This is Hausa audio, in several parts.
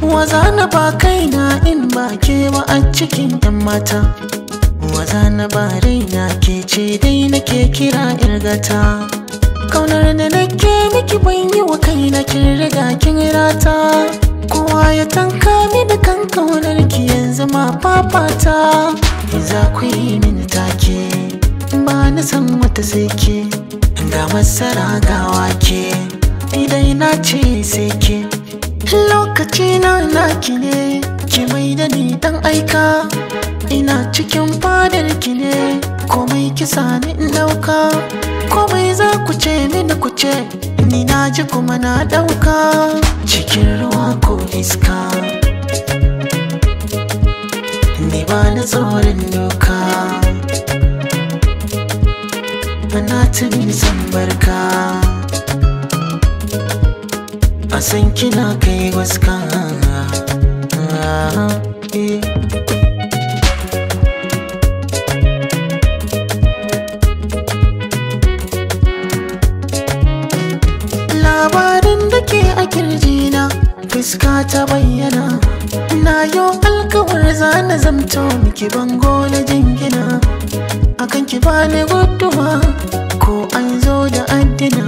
Waza na ba kaina in ba kewa a cikin 'yan mata. Waza na ba raina ke ce dai nake kira irgata. Kaunar da nake miki ban yi wa kaina kin riga kin rata. Kowa ya tanka mi da kan kaunar ki yanzu ma fafata. za ku yi min take ba na san wata sai ke ga masara ga wake idai na ce sai ke lokaci na ki ne ki mai da ni dan aika ina cikin fadar ki ne komai kisa ni in dauka komai za ku ce mini ku ce ni na ji kuma na dauka cikin ruwa ko iska tsoron doka Bana tuni san barka A san kina kai waska Labarin da ke a kirjina Fuska ta bayyana Na yau yar za na zamto miki bango na jingina akan ki bani guduma ko an zo da addina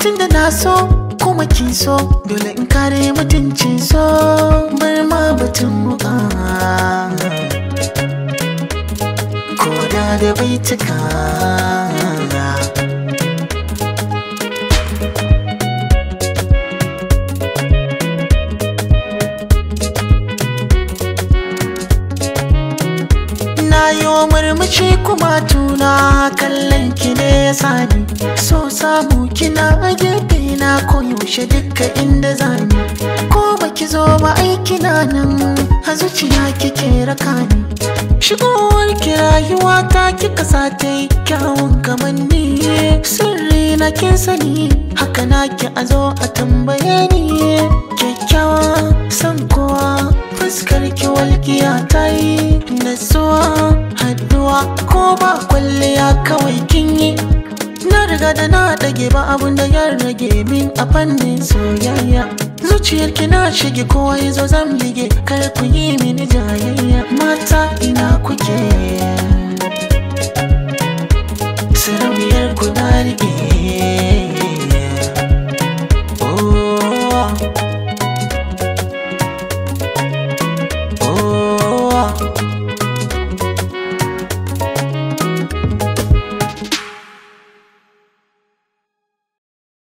tunda na so kuma kin so dole in kare mutuncin so bar ma batun muka ko da da bai cika murmushi kuma tuna kallon ki ne sani so samu kina a gefe na koyaushe duka inda zani ko baki zo ba aiki na nan a zuciya kike raka ni shigowar ki rayuwa ta kika sa ta yi kyawun gamanni sirri na kin sani haka na ki a zo a tambaye ni kyakkyawa san kowa fuskar ki walƙiya ta yi natsuwa kawowa ko ba kwalliya kawai kin yi na riga da na dage ba abun da ya rage min a fannin soyayya zuciyar ki na shige kowa zo zan bige kar ku yi mini jayayya mata ina kuke